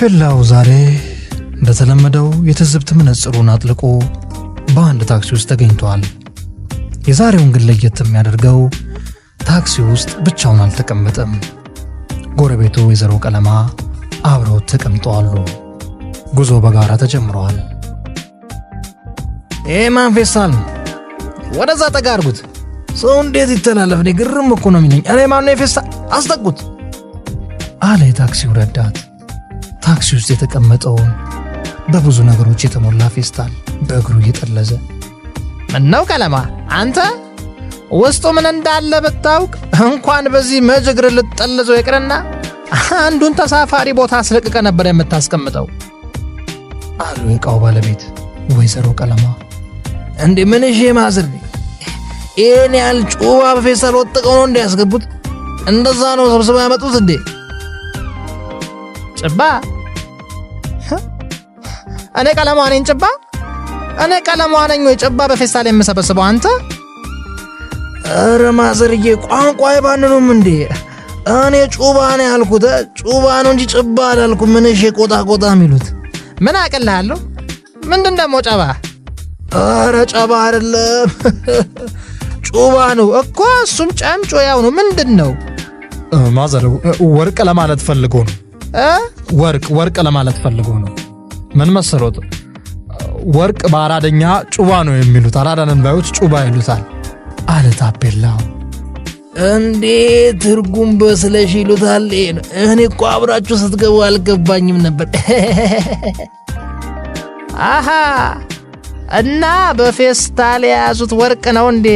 ፔላው ዛሬ እንደተለመደው የትዝብት መነጽሩን አጥልቆ በአንድ ታክሲ ውስጥ ተገኝቷል። የዛሬውን ግን ለየት የሚያደርገው ታክሲ ውስጥ ብቻውን አልተቀመጠም። ጎረቤቱ ወይዘሮ ቀለማ አብረው ተቀምጠው አሉ። ጉዞ በጋራ ተጀምረዋል። ይህ ማን ፌስታል ነው? ወደዛ ጠጋ አድርጉት። ሰው እንዴት ይተላለፍ? እኔ ግርም እኮ ነው የሚለኝ። እኔ ማነው አስጠጉት አለ የታክሲው ረዳት። ታክሲ ውስጥ የተቀመጠውን በብዙ ነገሮች የተሞላ ፌስታል በእግሩ እየጠለዘ ምነው ቀለማ አንተ ውስጡ ምን እንዳለ ብታውቅ እንኳን በዚህ መጅግር እግር ልትጠልዘው ይቅርና አንዱን ተሳፋሪ ቦታ አስለቅቀ ነበር የምታስቀምጠው አሉ የዕቃው ባለቤት ወይዘሮ ቀለማ። እንዴ ምን ይሄ ማዝር ይህን ያህል ጩባ በፌስታል ወጥቀው ነው እንዲያስገቡት? እንደዛ ነው ሰብስበው ያመጡት እንዴ ጭባ እኔ ቀለማዋ ነኝ ጭባ፣ እኔ ቀለማዋ ነኝ ወይ ጭባ በፌስታል የምሰበስበው አንተ። ኧረ ማዘርዬ ቋንቋ አይባንኑም እንዴ? እኔ ጩባ ነው ያልኩት፣ ጩባ ነው እንጂ ጭባ አላልኩ ምን እሺ፣ ቆጣ ቆጣ የሚሉት ምን አቅልሃለሁ? ምንድን ደግሞ ጨባ? ኧረ ጨባ አይደለም ጩባ ነው እኮ እሱም ጨምጮ ያው ነው። ምንድን ነው ማዘር፣ ወርቅ ለማለት ፈልጎ ነው። ወርቅ ወርቅ ለማለት ፈልጎ ነው። ምን መሰሎት? ወርቅ በአራደኛ ጩባ ነው የሚሉት። አራዳንን ባዮች ጩባ ይሉታል አለ ታፔላው። እንዴ ትርጉም በስለሽ ይሉታል። እኔ እኮ አብራችሁ ስትገቡ አልገባኝም ነበር። አሃ እና በፌስታል የያዙት ወርቅ ነው እንዴ?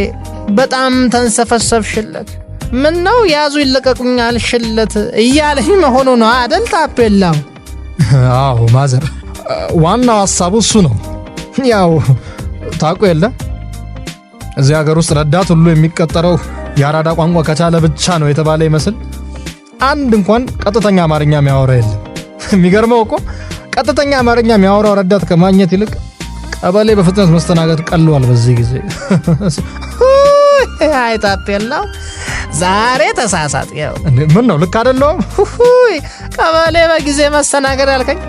በጣም ተንሰፈሰፍሽለት። ምን ነው ያዙ ይለቀቁኛል ሽለት እያለኝ መሆኑ ነው አደል ታፔላው? አዎ ማዘር Uh, ዋናው ሀሳቡ እሱ ነው። ያው ታውቁ የለ እዚህ ሀገር ውስጥ ረዳት ሁሉ የሚቀጠረው የአራዳ ቋንቋ ከቻለ ብቻ ነው የተባለ ይመስል አንድ እንኳን ቀጥተኛ አማርኛ የሚያወራ የለም። የሚገርመው እኮ ቀጥተኛ አማርኛ የሚያወራው ረዳት ከማግኘት ይልቅ ቀበሌ በፍጥነት መስተናገድ ቀሏል። በዚህ ጊዜ አይጣት ዛሬ ተሳሳት። ምን ነው ልክ አደለውም። ቀበሌ በጊዜ መስተናገድ አልከኝ።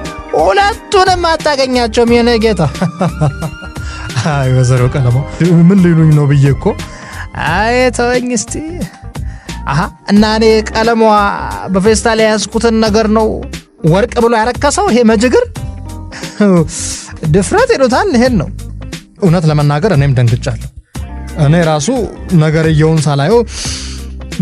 ሁለቱንም አታገኛቸውም። የኔ ጌታ አይ ወይዘሮ ቀለሞ ምን ሊሉኝ ነው ብዬ እኮ አይ ተወኝ እስቲ። አሃ እና እኔ ቀለሟ በፌስታ ላይ ያስኩትን ነገር ነው ወርቅ ብሎ ያረከሰው ይሄ መጅግር ድፍረት ይሉታል። ይሄን ነው እውነት ለመናገር እኔም ደንግጫለሁ። እኔ ራሱ ነገርየውን ሳላየው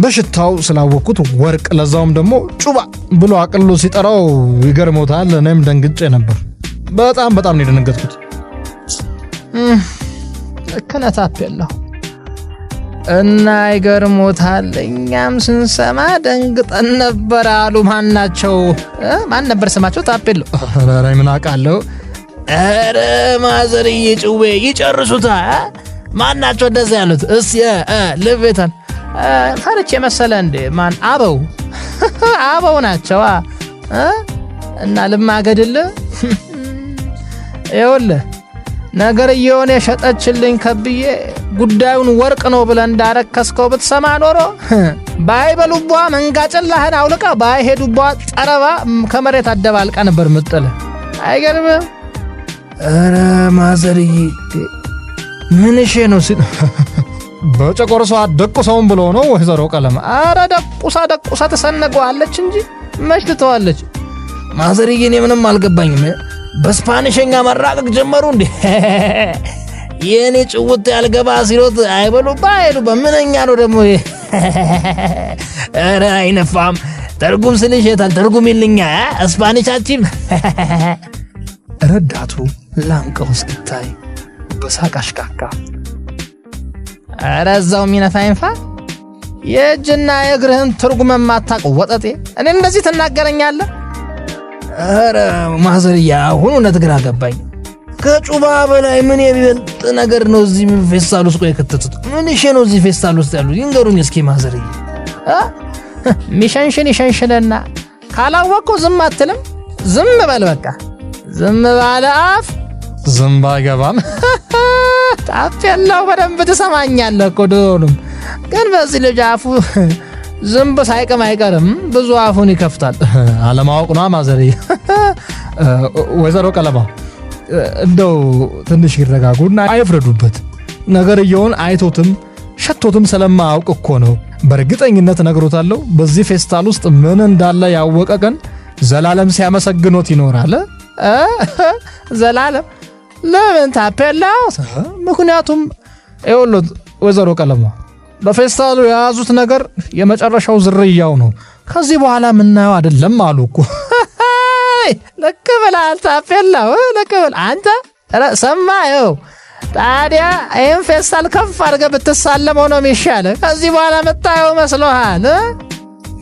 በሽታው ስላወቅኩት ወርቅ ለዛውም ደግሞ ጩባ ብሎ አቅሎ ሲጠራው ይገርሞታል። እኔም ደንግጬ ነበር። በጣም በጣም ነው የደነገጥኩት። እከነታፕ ያለሁ እና ይገርሞታል። እኛም ስንሰማ ደንግጠን ነበር አሉ። ማን ናቸው? ማን ነበር ስማቸው? ታፔሎ ራይ ምን አውቃለሁ። ኧረ ማዘርዬ ጭዌ ይጨርሱታ። ማን ናቸው እንደዚህ ያሉት? እስ ልቤታል ፈርጭ የመሰለ እንዴ ማን አበው አበው ናቸው እና ልማገድል ይውል ነገር እየሆነ የሸጠችልኝ ከብዬ ጉዳዩን ወርቅ ነው ብለ እንዳረከስከው ብትሰማ ኖሮ ባይበሉቧ መንጋጭላህን አውልቃ ባይሄዱቧ ጠረባ ከመሬት አደባልቀ ነበር ምጥል። አይገርም ኧረ ማዘርዬ ምንሼ ነው ሲል በጨቆርሷ ደቁሰውን ብሎ ነው ወይዘሮ ቀለም። አረ ደቁሳ ደቁሳ ተሰነገዋለች እንጂ መች ትተዋለች። ማዘርዬ እኔ ምንም አልገባኝም። በስፓኒሽኛ መራቀቅ ጀመሩ እንዴ? የእኔ ጭውት ያልገባ ሲሎት አይበሉ ባይሉ በምንኛ ነው ደግሞ። ኧረ አይነፋም ተርጉም ስልሽ የታል ተርጉም ይልኛ እስፓኒሻችን። ረዳቱ ላንቀው እስክታይ በሳቅ ረዛው እዛው የሚነፋ ይንፋ። የእጅና የእግርህን ትርጉመ የማታውቅ ወጠጤ፣ እኔ እንደዚህ ትናገረኛለ ረ ማዘርያ፣ አሁን እውነት ግራ ገባኝ። ከጩባ በላይ ምን የሚበልጥ ነገር ነው እዚህ ፌስታል ውስጥ ቆይ ክትትት ምን ይሼ ነው እዚህ ፌስታል ውስጥ ያሉ ይንገሩኝ እስኪ ማዘርያ። ሚሸንሽን ይሸንሽንና ካላወቅኩ ዝም አትልም? ዝም በል በቃ። ዝም ባለ አፍ ዝም ባይገባም ታፈላው በደንብ ትሰማኛለህ እኮ ድሮውንም ግን በዚህ ልጅ አፉ ዝንብ ሳይቅም አይቀርም። ብዙ አፉን ይከፍታል። አለማወቅ ነ ማዘሪ ወይዘሮ ቀለማ እንደው ትንሽ ይረጋጉና አይፍረዱበት። ነገርየውን አይቶትም ሸቶትም ስለማያውቅ እኮ ነው። በእርግጠኝነት ነግሮታለሁ በዚህ ፌስታል ውስጥ ምን እንዳለ ያወቀ ቀን ዘላለም ሲያመሰግኖት ይኖራል። ዘላለም ለምን ታፔላ? ምክንያቱም ይኸውልዎት ወይዘሮ ቀለሟ በፌስታሉ የያዙት ነገር የመጨረሻው ዝርያው ነው። ከዚህ በኋላ የምናየው አይደለም አሉ እኮ። ልክ ብለሃል ታፔላው፣ ልክ ብለህ አንተ ሰማኸው። ታዲያ ይህን ፌስታል ከፍ አድርገህ ብትሳለመው ነው የሚሻልህ። ከዚህ በኋላ የምታየው መስሎሃል?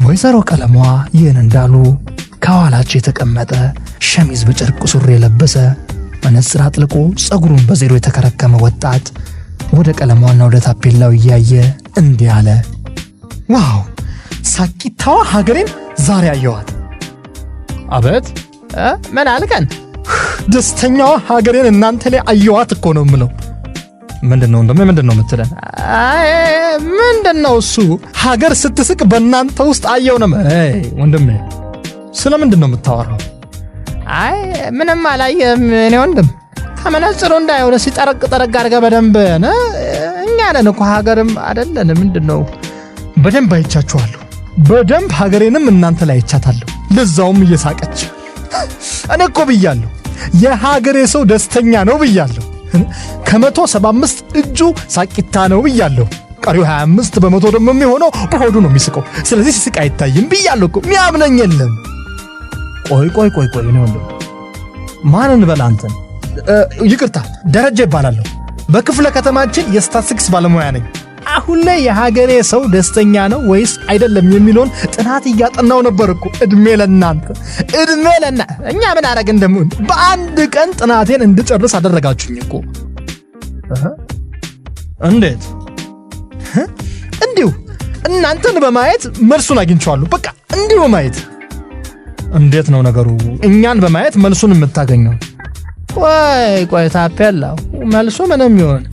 ወይዘሮ ቀለሟ ይህን እንዳሉ ከኋላቸው የተቀመጠ ሸሚዝ በጨርቅ ሱሪ የለበሰ መነጽር አጥልቆ ጸጉሩን በዜሮ የተከረከመ ወጣት ወደ ቀለሟና ወደ ታፔላው እያየ እንዲህ አለ። ዋው ሳቂታዋ ሀገሬን ዛሬ አየዋት። አበት ምን አልከን? ደስተኛዋ ሀገሬን እናንተ ላይ አየዋት እኮ ነው የምለው። ምንድን ነው እንደውም ምንድን ነው የምትለን? ምንድን ነው እሱ? ሀገር ስትስቅ በእናንተ ውስጥ አየው ነው ወንድሜ። ስለምንድን ነው የምታወራው? አይ ምንም አላየም። እኔ ወንድም ከመነጽሩ እንዳይሆነ ሲጠረቅ ጠረቅ አድርገህ በደንብ እኛ ነን እኮ ሀገርም አደለን ምንድን ነው በደንብ አይቻችኋለሁ። በደንብ ሀገሬንም እናንተ ላይ አይቻታለሁ። ለዛውም እየሳቀች እኔ እኮ ብያለሁ የሀገሬ ሰው ደስተኛ ነው ብያለሁ። ከመቶ ሰባ እጁ ሳቂታ ነው ብያለሁ። ቀሪው 25 በመቶ ደግሞ የሚሆነው በሆዱ ነው የሚስቀው። ስለዚህ ሲስቅ አይታይም ብያለሁ እኮ የሚያምነኝ የለም። ቆይ ቆይ ቆይ ቆይ ነው ወንድም፣ ማን እንበል አንተን? ይቅርታ ደረጃ ይባላለሁ። በክፍለ ከተማችን የስታትስቲክስ ባለሙያ ነኝ። አሁን ላይ የሀገሬ ሰው ደስተኛ ነው ወይስ አይደለም የሚለውን ጥናት እያጠናው ነበር እኮ። እድሜ ለናንተ እድሜ ለና እኛ ምን አረግ ደግሞ። በአንድ ቀን ጥናቴን እንድጨርስ አደረጋችሁኝ እኮ። እንዴት? እንዲሁ እናንተን በማየት መልሱን አግኝቼዋለሁ። በቃ እንዲሁ ማየት እንዴት ነው ነገሩ? እኛን በማየት መልሱን የምታገኘው? ቆይ ቆይ፣ ታፔላው መልሱ ምንም ይሆን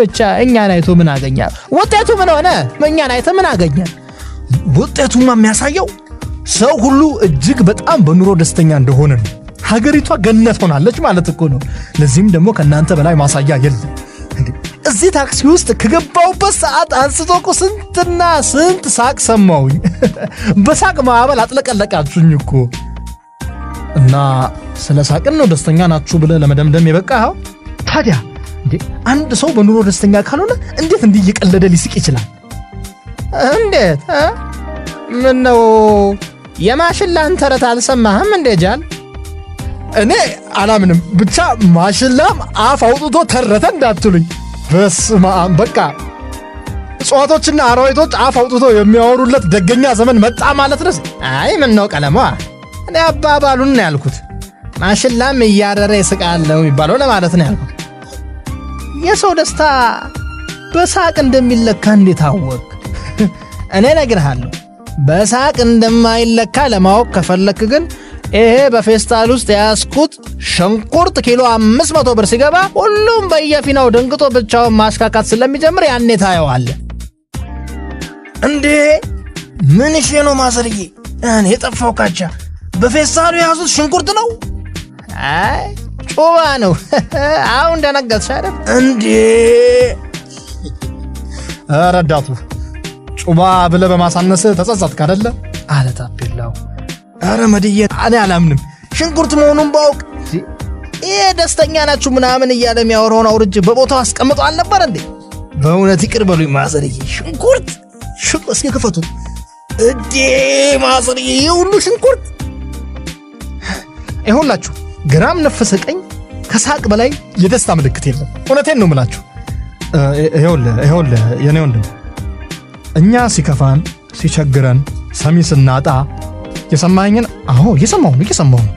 ብቻ እኛን አይቶ ምን አገኘ? ውጤቱ ምን ሆነ? እኛን አይተ ምን አገኘ? ውጤቱማ የሚያሳየው ሰው ሁሉ እጅግ በጣም በኑሮ ደስተኛ እንደሆነ ነው። ሀገሪቷ ገነት ሆናለች ማለት እኮ ነው። ለዚህም ደግሞ ከእናንተ በላይ ማሳያ የለም። እዚህ ታክሲ ውስጥ ከገባውበት ሰዓት አንስቶ እኮ ስንትና ስንት ሳቅ ሰማውኝ በሳቅ ማዕበል አጥለቀለቃችሁኝ እኮ። እና ስለ ሳቅን ነው ደስተኛ ናችሁ ብለ ለመደምደም የበቃኸው? ታዲያ አንድ ሰው በኑሮ ደስተኛ ካልሆነ እንዴት እንዲህ እየቀለደ ሊስቅ ይችላል? እንዴት? ምን ነው የማሽላን ተረት አልሰማህም እንዴ ጃል? እኔ አላምንም። ብቻ ማሽላም አፍ አውጥቶ ተረተ እንዳትሉኝ። በስመ አብ በቃ እጽዋቶችና አራዊቶች አፍ አውጥተው የሚያወሩለት ደገኛ ዘመን መጣ ማለት ነው። አይ ምነው ቀለሟ፣ እኔ አባባሉን ነው ያልኩት። ማሽላም እያረረ ይስቃለው የሚባለው ለማለት ነው ያልኩት። የሰው ደስታ በሳቅ እንደሚለካ እንዴት አወቅ? እኔ ነግርሃለሁ፣ በሳቅ እንደማይለካ ለማወቅ ከፈለክ ግን ይሄ በፌስታል ውስጥ የያዝኩት ሽንኩርት ኪሎ 500 ብር ሲገባ ሁሉም በየፊናው ደንግጦ ብቻውን ማሽካካት ስለሚጀምር ያኔ ታየዋል። እንዴ ምን ሽ ነው ማሰርዬ? እኔ የጠፋው ካቻ። በፌስታሉ የያዙት ሽንኩርት ነው? አይ ጩባ ነው። አሁን ደነገጥሽ አይደል? እንዴ ረዳቱ ጩባ ብለህ በማሳነስ ተጸጸትክ አደለ? አለ ታፔላው። አረ መድዬ እኔ አላምንም። ሽንኩርት መሆኑን ባውቅ ይሄ ደስተኛ ናችሁ ምናምን እያለ የሚያወራውን አውርጄ በቦታው አስቀምጦ አልነበር እንዴ? በእውነት ይቅር በሉኝ ማዘርዬ። ሽንኩርት ሽንኩርት እስኪ ክፈቱ እዴ ማዘርዬ፣ ይህ ሁሉ ሽንኩርት ይሁላችሁ። ግራም ነፈሰ ቀኝ ከሳቅ በላይ የደስታ ምልክት የለም። እውነቴን ነው ምላችሁ። ይኸውልህ የኔ ወንድም እኛ ሲከፋን ሲቸግረን ሰሚ ስናጣ የሰማኝን አዎ፣ እየሰማሁ ነው እየሰማሁ ነው።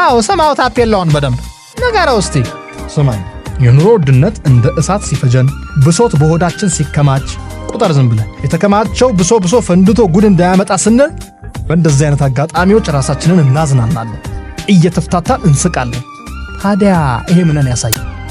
አዎ ሰማው። ታፔላውን በደንብ ንገረው እስቲ። ስማኝ፣ የኑሮ ውድነት እንደ እሳት ሲፈጀን፣ ብሶት በሆዳችን ሲከማች፣ ቁጠር ዝም ብለ የተከማቸው ብሶ ብሶ ፈንድቶ ጉድ እንዳያመጣ ስንል በእንደዚህ አይነት አጋጣሚዎች ራሳችንን እናዝናናለን፣ እየተፍታታን እንስቃለን። ታዲያ ይሄ ምንን ያሳያል?